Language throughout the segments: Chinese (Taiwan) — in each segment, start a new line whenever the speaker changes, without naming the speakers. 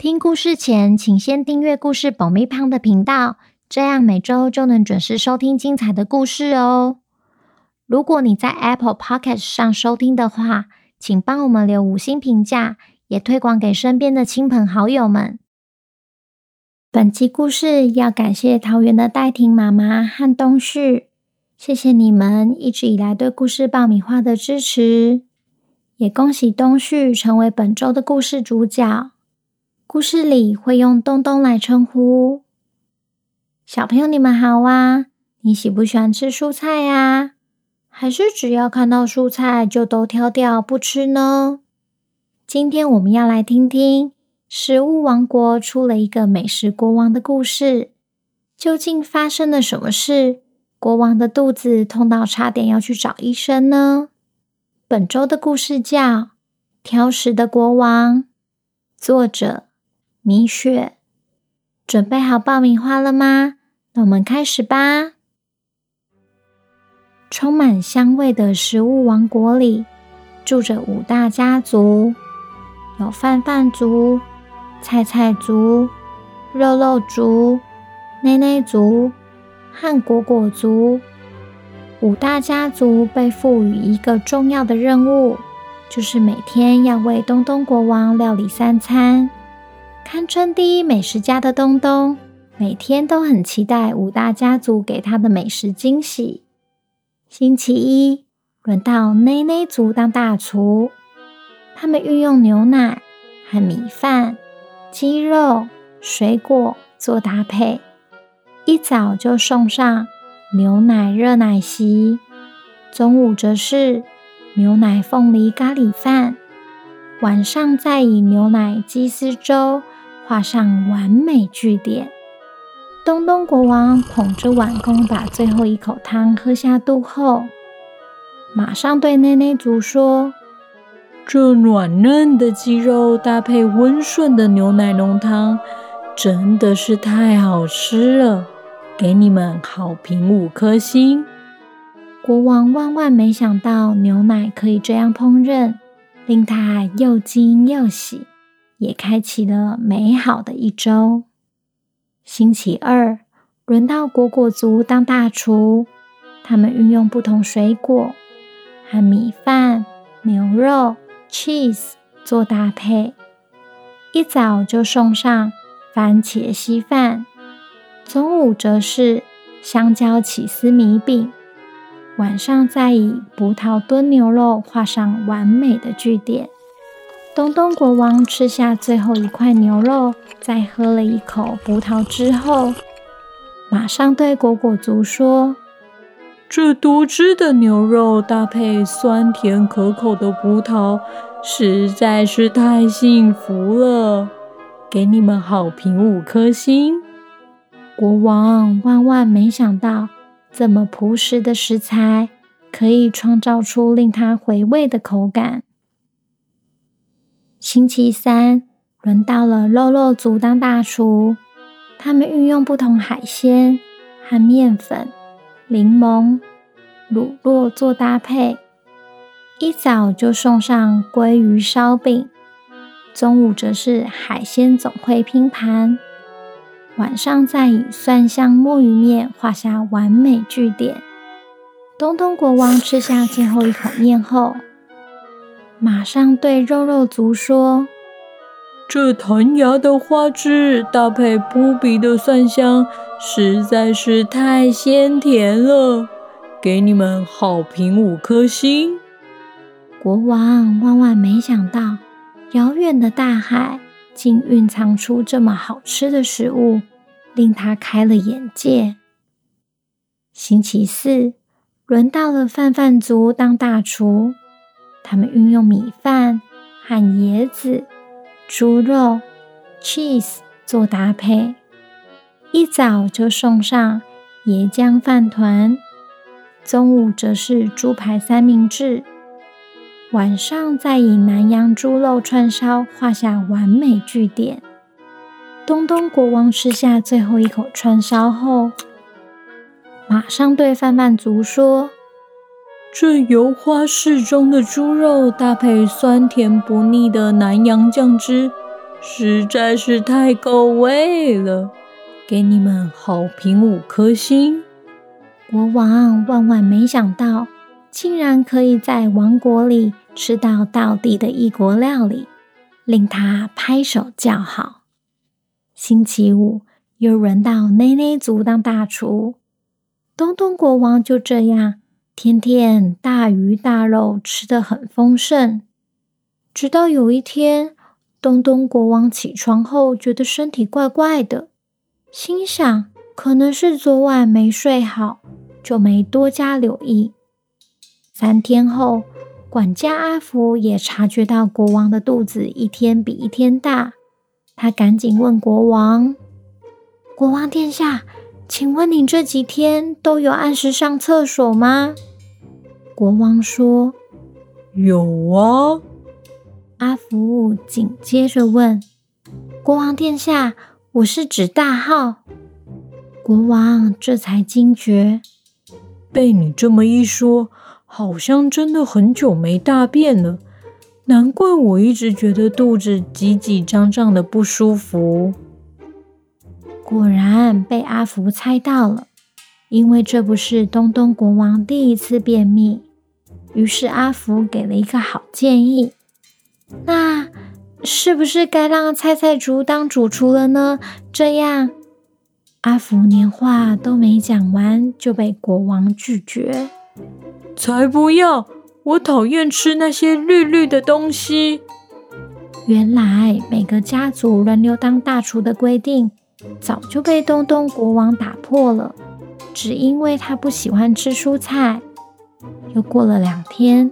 聽故事前，請先訂閱故事爆米花的頻道，這樣每周就能準時收聽精彩的故事哦。如果你在 Apple Podcast 上收聽的話，請幫我們留五星評價，也推廣給身邊的親朋好友們。本期故事要感謝桃園的戴婷媽媽和冬旭，謝謝你們一直以來對故事爆米花的支持，也恭喜冬旭成為本周的故事主角。故事裡會用「東東」來稱呼小朋友。你們好啊！你喜不喜歡吃蔬菜啊？還是只要看到蔬菜就都挑掉不吃呢？今天我們要來聽聽《食物王國》出了一個美食國王的故事。究竟發生了什麼事？國王的肚子痛到差點要去找醫生呢？本周的故事叫《挑食的國王》，作者。米雪，準備好爆米花了嗎？那我們開始吧。充滿香味的食物王國裡，住着五大家族：有飯飯族、菜菜族、肉肉族、內內族、和果果族。五大家族被賦予一個重要的任務，就是每天要為東東國王料理三餐。堪稱第一美食家的東東，每天都很期待五大家族給他的美食驚喜。星期一輪到內內族當大廚，他們運用牛奶和米飯、雞肉、水果做搭配，一早就送上牛奶熱奶昔，中午則是牛奶鳳梨咖喱飯，晚上再以牛奶雞絲粥。畫上完美句點。東東國王捧着碗公，把最後一口湯喝下肚後，馬上對內內族說：“這軟嫩的雞肉搭配溫順的牛奶濃湯，真的是太好吃了！給你們好評五顆星。”國王萬萬沒想到牛奶可以這樣烹飪，令他又驚又喜。也開啟了美好的一週。星期二輪到果果族當大廚，他們運用不同水果和米飯、牛肉、cheese 做搭配，一早就送上番茄稀飯，中午則是香蕉起司米餅，晚上再以葡萄燉牛肉畫上完美的句點。東東國王吃下最後一塊牛肉，再喝了一口葡萄之後，馬上對果果族說：“這多汁的牛肉搭配酸甜可口的葡萄，實在是太幸福了！給你們好評五顆星。”國王萬萬沒想到，這麼樸實的食材可以創造出令他回味的口感。星期三輪到了肉肉族當大廚，他們運用不同海鮮和面粉、檸檬、乳酪做搭配，一早就送上鮭魚燒餅，中午則是海鮮總會拼盤，晚上再以蒜香墨魚面畫下完美句點。東東國王吃下最後一口面後。馬上對肉肉族說：“這彈牙的花枝搭配撲鼻的蒜香，實在是太鮮甜了，給你們好評五顆星。”國王萬萬沒想到，遙遠的大海竟蘊藏出這麼好吃的食物，令他開了眼界。星期四，輪到了飯飯族當大廚。他們運用米飯和椰子、豬肉、cheese 做搭配，一早就送上椰漿飯糰，中午則是豬排三明治，晚上再以南洋豬肉串燒畫下完美句點。東東國王吃下最後一口串燒後，馬上對飯飯族說。這油花適中的豬肉，搭配酸甜不膩的南洋醬汁，實在是太夠味了！給你們好評五顆星。國王萬萬沒想到，竟然可以在王國裡吃到道地的異國料理，令他拍手叫好。星期五又輪到奈奈族當大廚，東東國王就這樣。天天大魚大肉吃得很豐盛，直到有一天，東東國王起床後覺得身體怪怪的，心想可能是昨晚沒睡好，就沒多加留意。三天後，管家阿福也察覺到國王的肚子一天比一天大，他趕緊問國王：“國王殿下，請問您這幾天都有按時上廁所嗎？”國王說：“有啊。”阿福緊接着問：“國王殿下，我是指大號。”國王這才驚覺：“被你這麼一說，好像真的很久沒大便了。難怪我一直覺得肚子擠擠脹脹的不舒服。”果然被阿福猜到了，因為這不是東東國王第一次便秘。於是阿福給了一個好建議，那是不是該讓菜菜竹當主廚了呢？這樣，阿福連話都沒講完就被國王拒絕。才不要！我討厭吃那些綠綠的東西。原來每個家族輪流當大廚的規定早就被東東國王打破了，只因為他不喜歡吃蔬菜。又過了兩天，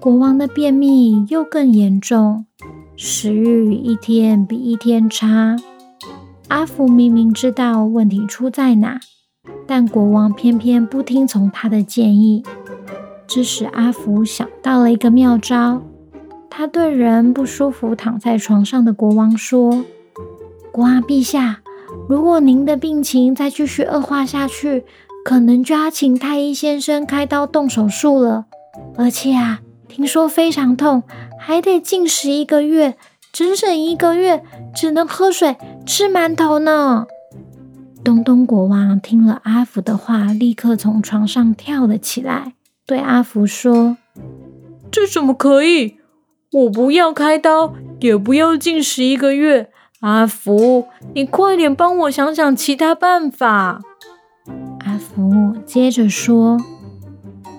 國王的便秘又更嚴重，食欲一天比一天差。阿福明明知道問題出在哪，但國王偏偏不聽從他的建議，這時阿福想到了一個妙招。他對人不舒服、躺在床上的國王說：“國王陛下，如果您的病情再繼續惡化下去，”可能就要請太醫先生開刀動手術了，而且啊，聽說非常痛，還得禁食一個月，整整一個月只能喝水吃饅頭呢。東東國王聽了阿福的話，立刻從床上跳了起來，對阿福說：“這怎麼可以？我不要開刀，也不要禁食一個月。阿福，你快點幫我想想其他辦法。”接着說，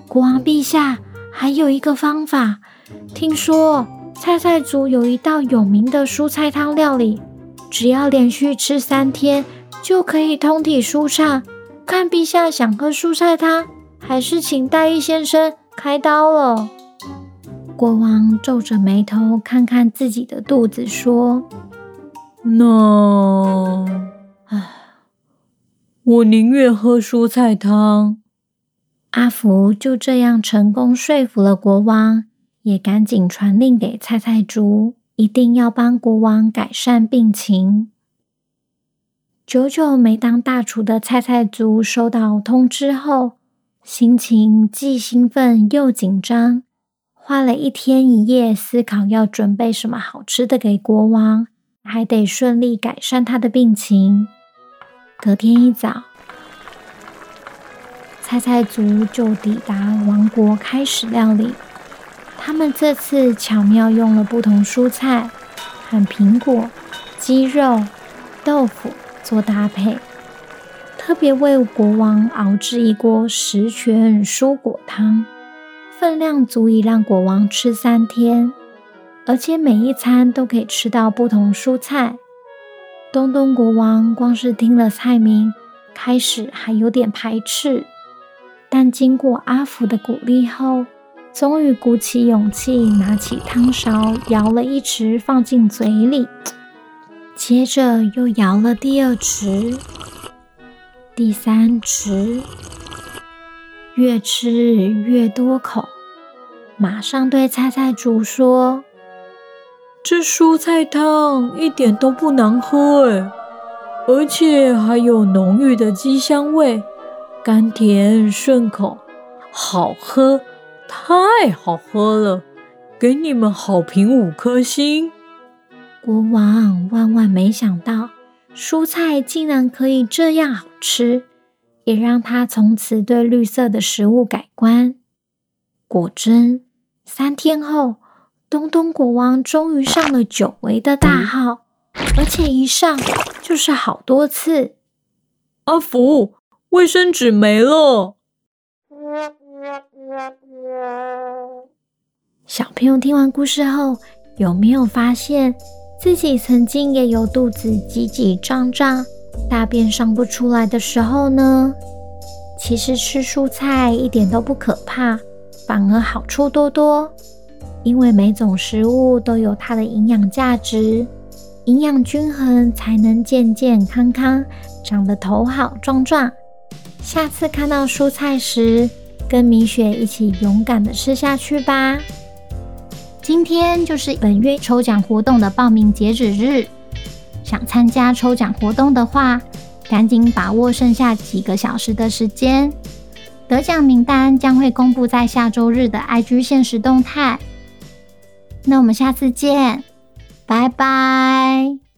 國王陛下，還有一個方法。聽說菜菜族有一道有名的蔬菜湯料理，只要連續吃三天，就可以通體舒暢。看陛下想喝蔬菜湯，還是請大醫先生開刀了。國王皺着眉頭，看看自己的肚子說，說：“No，我寧願喝蔬菜湯。阿福就這樣成功說服了國王，也趕緊傳令給菜菜族，一定要幫國王改善病情。久久沒當大廚的菜菜族收到通知後，心情既興奮又緊張，花了一天一夜思考要準備什麼好吃的給國王，還得順利改善他的病情。隔天一早，菜菜族就抵達王國開始料理。他們這次巧妙用了不同蔬菜，和蘋果、雞肉、豆腐做搭配，特別為國王熬製一鍋十全蔬果湯，分量足以讓國王吃三天，而且每一餐都可以吃到不同蔬菜。東東國王光是聽了菜名，開始還有點排斥，但經過阿福的鼓勵後，終於鼓起勇氣，拿起湯勺舀了一匙放進嘴裡，接着又舀了第二匙、第三匙，越吃越多口，馬上對菜菜主說。這蔬菜湯一點都不難喝誒，而且還有濃郁的雞香味，甘甜順口，好喝，太好喝了！給你們好評五顆星。國王萬萬沒想到蔬菜竟然可以這樣好吃，也讓他從此對綠色的食物改觀。果真，三天後。東東國王終於上了久違的大號，而且一上就是好多次。阿福，衛生紙沒了。小朋友聽完故事後，有沒有發現自己曾經也有肚子擠擠脹脹、大便上不出來的時候呢？其實吃蔬菜一點都不可怕，反而好處多多。因為每種食物都有它的營養價值，營養均衡才能健健康康，長得頭好壯壯。下次看到蔬菜時，跟米雪一起勇敢的吃下去吧。今天就是本月抽獎活動的報名截止日，想參加抽獎活動的話，趕緊把握剩下幾個小時的時間。得獎名單將會公布在下周日的 IG 限時動態。那我們下次見，拜拜。